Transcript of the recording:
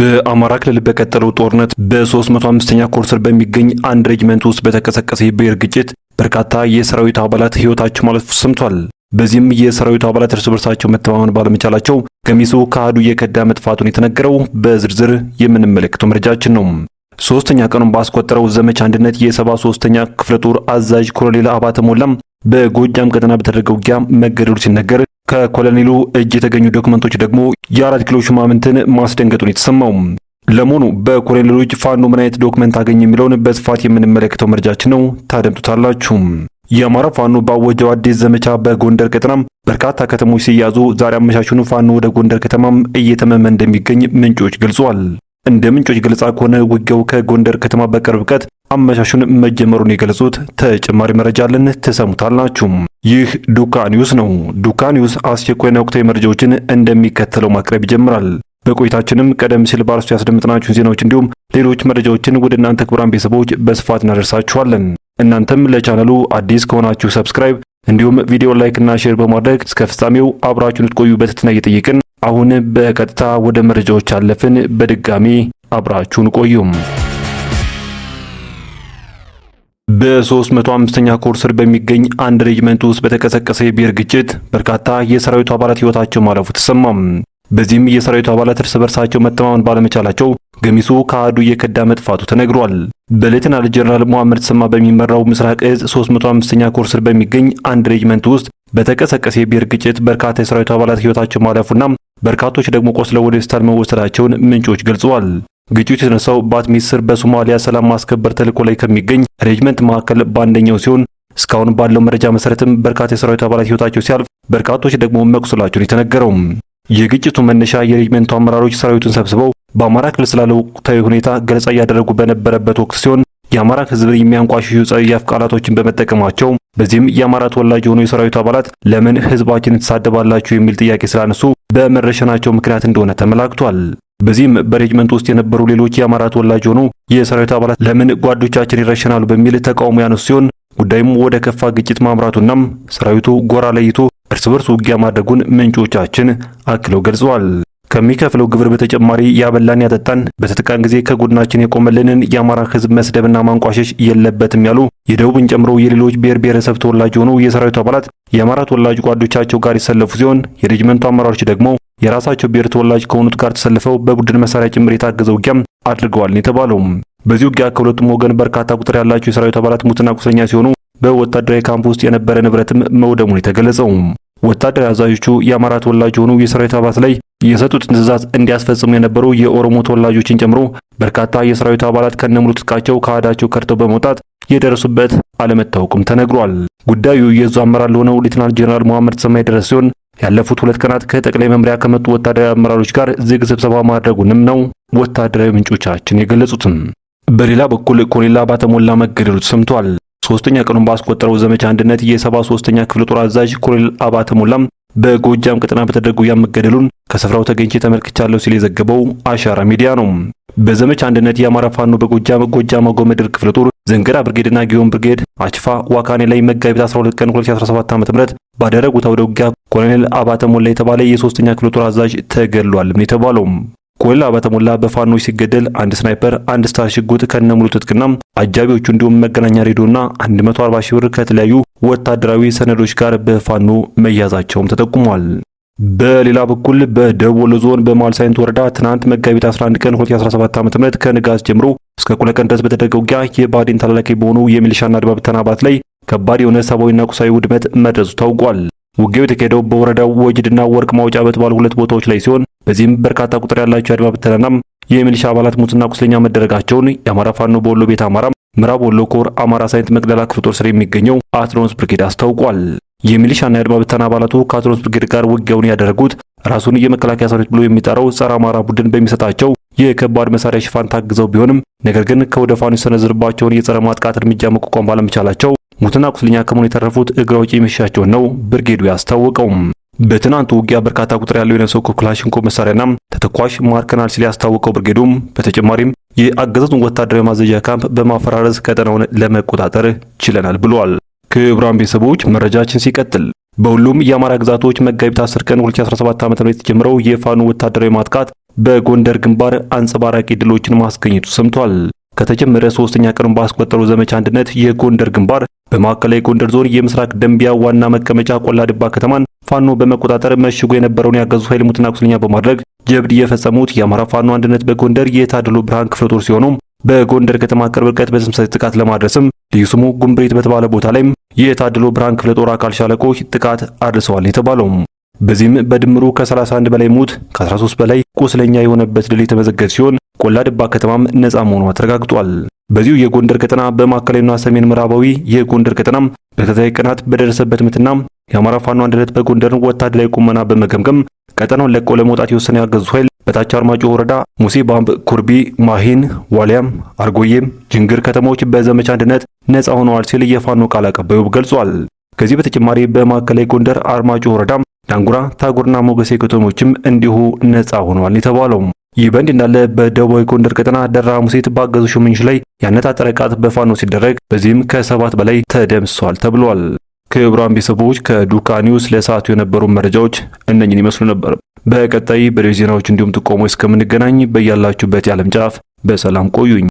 በአማራ ክልል በቀጠለው ጦርነት በ305ኛ ኮርሰር በሚገኝ አንድ ሬጅመንት ውስጥ በተቀሰቀሰ የብሔር ግጭት በርካታ የሰራዊት አባላት ህይወታቸው ማለፉ ሰምቷል። በዚህም የሰራዊቱ አባላት እርስ በርሳቸው መተማመን ባለመቻላቸው ገሚሱ ከአሃዱ የከዳ መጥፋቱን የተነገረው በዝርዝር የምንመለከተው መረጃችን ነው። ሶስተኛ ቀኑን ባስቆጠረው ዘመቻ አንድነት የሰባ ሶስተኛ ክፍለ ጦር አዛዥ ኮሎኔል አባተ ሞላም በጎጃም ቀጠና በተደረገው ውጊያ መገደሉ ሲነገር ከኮሎኔሉ እጅ የተገኙ ዶክመንቶች ደግሞ የአራት ኪሎ ሹማምንትን ማስደንገጡን የተሰማው። ለመሆኑ በኮሎኔሉ እጅ ፋኖ ምን አይነት ዶክመንት አገኝ የሚለውን በስፋት የምንመለከተው መረጃችን ነው፣ ታደምጡታላችሁ። የአማራ ፋኖ ባወጀው አዲስ ዘመቻ በጎንደር ቀጠናም በርካታ ከተሞች ሲያዙ ዛሬ አመሻሹን ፋኖ ወደ ጎንደር ከተማም እየተመመ እንደሚገኝ ምንጮች ገልጿል። እንደ ምንጮች ገለጻ ከሆነ ውጊያው ከጎንደር ከተማ በቅርብ ርቀት አመሻሹን መጀመሩን የገለጹት ተጨማሪ መረጃ አለን፣ ተሰሙታላችሁ። ይህ ዱካ ኒውስ ነው። ዱካ ኒውስ አስቸኳይና ወቅታዊ መረጃዎችን እንደሚከተለው ማቅረብ ይጀምራል። በቆይታችንም ቀደም ሲል ባርሶ ያስደምጥናችሁን ዜናዎች እንዲሁም ሌሎች መረጃዎችን ወደ እናንተ ክቡራን ቤተሰቦች በስፋት እናደርሳችኋለን። እናንተም ለቻናሉ አዲስ ከሆናችሁ ሰብስክራይብ እንዲሁም ቪዲዮ ላይክ እና ሼር በማድረግ እስከ ፍጻሜው አብራችሁን ልትቆዩ በትህትና እየጠየቅን አሁን በቀጥታ ወደ መረጃዎች አለፍን። በድጋሚ አብራችሁን ቆዩም። በ305ኛ ኮር ስር በሚገኝ አንድ ሬጅመንት ውስጥ በተቀሰቀሰ የብሔር ግጭት በርካታ የሰራዊቱ አባላት ህይወታቸው ማለፉ ተሰማም። በዚህም የሰራዊቱ አባላት እርስ በርሳቸው መተማመን ባለመቻላቸው ገሚሱ ከአዱ እየከዳ መጥፋቱ ተነግሯል። በሌተናል ጀነራል መሐመድ ሰማ በሚመራው ምስራቅ እዝ 305ኛ ኮር ስር በሚገኝ አንድ ሬጅመንት ውስጥ በተቀሰቀሰ የብሔር ግጭት በርካታ የሰራዊቱ አባላት ህይወታቸው ማለፉና በርካቶች ደግሞ ቆስለው ወደ ሆስፒታል መወሰዳቸውን ምንጮች ገልጸዋል። ግጭቱ የተነሳው በአትሚስ ስር በሶማሊያ ሰላም ማስከበር ተልኮ ላይ ከሚገኝ ሬጅመንት መካከል በአንደኛው ሲሆን እስካሁን ባለው መረጃ መሰረትም በርካታ የሰራዊት አባላት ህይወታቸው ሲያልፍ በርካቶች ደግሞ መቁሰላቸውን የተነገረው። የግጭቱ መነሻ የሬጅመንቱ አመራሮች ሰራዊቱን ሰብስበው በአማራ ክልል ስላለው ወቅታዊ ሁኔታ ገለጻ እያደረጉ በነበረበት ወቅት ሲሆን የአማራ ህዝብ የሚያንቋሽሹ ጸያፍ ቃላቶችን በመጠቀማቸው በዚህም የአማራ ተወላጅ የሆኑ የሰራዊቱ አባላት ለምን ህዝባችን ትሳደባላችሁ የሚል ጥያቄ ስላነሱ በመረሸናቸው ምክንያት እንደሆነ ተመላክቷል። በዚህም በሬጅመንት ውስጥ የነበሩ ሌሎች የአማራ ተወላጅ የሆኑ የሰራዊት አባላት ለምን ጓዶቻችን ይረሸናሉ በሚል ተቃውሞ ያነሱ ሲሆን ጉዳዩም ወደ ከፋ ግጭት ማምራቱናም ሰራዊቱ ጎራ ለይቶ እርስ በርስ ውጊያ ማድረጉን ምንጮቻችን አክለው ገልጸዋል። ከሚከፍለው ግብር በተጨማሪ ያበላን ያጠጣን፣ በተጠቃን ጊዜ ከጎድናችን የቆመልንን የአማራ ሕዝብ መስደብና ማንቋሸሽ የለበትም ያሉ የደቡብን ጨምሮ የሌሎች ብሔር ብሔረሰብ ተወላጅ የሆኑ የሰራዊቱ አባላት የአማራ ተወላጅ ጓዶቻቸው ጋር የተሰለፉ ሲሆን የሬጅመንቱ አመራሮች ደግሞ የራሳቸው ብሔር ተወላጅ ከሆኑት ጋር ተሰልፈው በቡድን መሳሪያ ጭምር የታገዘ ውጊያም አድርገዋል ነው የተባለው። በዚህ ውጊያ ከሁለቱም ወገን በርካታ ቁጥር ያላቸው የሰራዊት አባላት ሙትና ቁስለኛ ሲሆኑ በወታደራዊ ካምፕ ውስጥ የነበረ ንብረትም መውደሙን የተገለጸው ወታደራዊ አዛዦቹ የአማራ ተወላጅ የሆኑ የሰራዊት አባላት ላይ የሰጡትን ትዕዛዝ እንዲያስፈጽሙ የነበሩ የኦሮሞ ተወላጆችን ጨምሮ በርካታ የሰራዊቱ አባላት ከነሙሉ ትጥቃቸው ከአዳቸው ከርተው በመውጣት የደረሱበት አለመታወቁም ተነግሯል። ጉዳዩ የዙ አመራር ለሆነው ሌትናንት ጄኔራል መሐመድ ተሰማ የደረሰ ሲሆን ያለፉት ሁለት ቀናት ከጠቅላይ መምሪያ ከመጡ ወታደራዊ አመራሮች ጋር ዝግ ስብሰባ ማድረጉንም ነው ወታደራዊ ምንጮቻችን የገለጹትም። በሌላ በኩል ኮሎኔል ባተሞላ መገደሉ ተሰምቷል። ሶስተኛ ቀኑን ባስቆጠረው ዘመቻ አንድነት የሰባ ሶስተኛ ክፍለ ጦር አዛዥ ኮሎኔል አባተ ሞላም በጎጃም ቀጠና በተደረገው ያመገደሉን ከስፍራው ተገኝቼ ተመልክቻለሁ ሲል የዘገበው አሻራ ሚዲያ ነው። በዘመቻ አንድነት የአማራ ፋኖ በጎጃም ጎጃም አገው ምድር ክፍለ ጦር ዘንገዳ ብርጌድና ጊዮን ብርጌድ አችፋ ዋካኔ ላይ መጋቢት 12 ቀን 2017 ዓ.ም ባደረጉት አውደ ውጊያ ኮሎኔል አባተ ሞላ የተባለ የሶስተኛ ክፍለ ጦር አዛዥ ተገድሏል የተባለው። ኮሎኔል አባተ ሞላ በፋኖች ሲገደል አንድ ስናይፐር፣ አንድ ስታር ሽጉጥ ከነሙሉ ትጥቅና አጃቢዎቹ እንዲሁም መገናኛ ሬዲዮና 140 ሺህ ብር ከተለያዩ ወታደራዊ ሰነዶች ጋር በፋኖ መያዛቸውም ተጠቁሟል። በሌላ በኩል በደቡብ ወሎ ዞን በመሃል ወረዳ ትናንት መጋቢት 11 ቀን 2017 ዓ.ም ከንጋት ጀምሮ እስከ ቀን ድረስ በተደረገው ውጊያ የባዴን ተላላኪ በሆኑ የሚሊሻና አድማ ብተና አባላት ላይ ከባድ የሆነ ሰብአዊና ቁሳዊ ውድመት መድረሱ ታውቋል። ውጊያው የተካሄደው በወረዳው ወጅድና ወርቅ ማውጫ በተባሉ ሁለት ቦታዎች ላይ ሲሆን በዚህም በርካታ ቁጥር ያላቸው የአድማ ብተናናም የሚሊሻ አባላት ሙትና ቁስለኛ መደረጋቸውን የአማራ ፋኖ በወሎ ቤት አማራ ምዕራብ ወሎ ኮር አማራ ሳይንት መቅደላ ክፍለ ጦር ስር የሚገኘው አትሮንስ ብርጌድ አስታውቋል። የሚሊሻና የአድማ ብተና አባላቱ ከአትሮንስ ብርጌድ ጋር ውጊያውን ያደረጉት ራሱን የመከላከያ ሰራዊት ብሎ የሚጠራው ጸረ አማራ ቡድን በሚሰጣቸው የከባድ መሳሪያ ሽፋን ታግዘው ቢሆንም ነገር ግን ከወደ ፋኖ የሰነዘርባቸውን የጸረ ማጥቃት እርምጃ መቋቋም ባለመቻላቸው ሙትና ቁስለኛ ከመሆኑ የተረፉት እግረ ውጪ መሸሻቸውን ነው ብርጌዱ ያስታወቀውም። በትናንቱ ውጊያ በርካታ ቁጥር ያለው የነፍስ ወከፍ ክላሽንኮቭ መሳሪያና ተተኳሽ ማርከናል ሲል ያስታወቀው ብርጌዱም በተጨማሪም የአገዛዙን ወታደራዊ ማዘዣ ካምፕ በማፈራረስ ቀጠናውን ለመቆጣጠር ችለናል ብሏል። ክቡራን ቤተሰቦች መረጃችን ሲቀጥል በሁሉም የአማራ ግዛቶች መጋቢት 10 ቀን 2017 ም የተጀምረው የፋኖ ወታደራዊ ማጥቃት በጎንደር ግንባር አንጸባራቂ ድሎችን ማስገኘቱ ሰምቷል። ከተጀመረ ሶስተኛ ቀኑን ባስቆጠረው ዘመቻ አንድነት የጎንደር ግንባር በማዕከላዊ ጎንደር ዞን የምስራቅ ደንቢያ ዋና መቀመጫ ቆላድባ ከተማን ፋኖ በመቆጣጠር መሽጎ የነበረውን ያገዙ ኃይል ሙትና ቁስለኛ በማድረግ ጀብድ የፈጸሙት የአማራ ፋኖ አንድነት በጎንደር የታደሉ ብርሃን ክፍለ ጦር ሲሆኑም በጎንደር ከተማ ቅርብ ርቀት በተመሳሳይ ጥቃት ለማድረስም ልዩ ስሙ ጉምብሬት በተባለ ቦታ ላይም የታደሉ ብርሃን ክፍለ ጦር አካል ሻለቆች ጥቃት አድርሰዋል የተባለውም በዚህም በድምሩ ከ31 በላይ ሞት ከ13 በላይ ቁስለኛ የሆነበት ድል የተመዘገበ ሲሆን ቆላ ድባ ከተማም ነጻ መሆኗ ተረጋግጧል። በዚሁ የጎንደር ቀጠና በማዕከላዊና ሰሜን ምዕራባዊ የጎንደር ቀጠናም በተከታታይ ቀናት በደረሰበት ምትና የአማራ ፋኖ አንድነት በጎንደር ወታደራዊ ቁመና በመገምገም ቀጠናውን ለቆ ለመውጣት የወሰነ ያገዙ ኃይል በታች አርማጮ ወረዳ ሙሴ ባምብ፣ ኩርቢ፣ ማሂን፣ ዋልያም አርጎዬም፣ ጅንግር ከተሞች በዘመቻ አንድነት ነጻ ሆነዋል ሲል የፋኖ ቃል አቀባዩ ገልጿል። ከዚህ በተጨማሪ በማዕከላዊ ጎንደር አርማጮ ወረዳም ዳንጉራ ታጉርና ሞገሴ ከተሞችም እንዲሁ ነፃ ሆኗል የተባለው። ይህ በእንዲህ እንዳለ በደቡባዊ ጎንደር ቀጠና ደራ ሙሴት ባገዙ ሹምንሽ ላይ ያነጣጠረ ጥቃት በፋኖ ሲደረግ በዚህም ከሰባት በላይ ተደምሷል ተብሏል። ክቡራን ቤተሰቦች ከዱካ ኒውስ ለሰዓቱ የነበሩ መረጃዎች እነኝን ይመስሉ ነበር። በቀጣይ በሬዲዮ ዜናዎች እንዲሁም ጥቆሞች እስከምንገናኝ በያላችሁበት የዓለም ጫፍ በሰላም ቆዩኝ።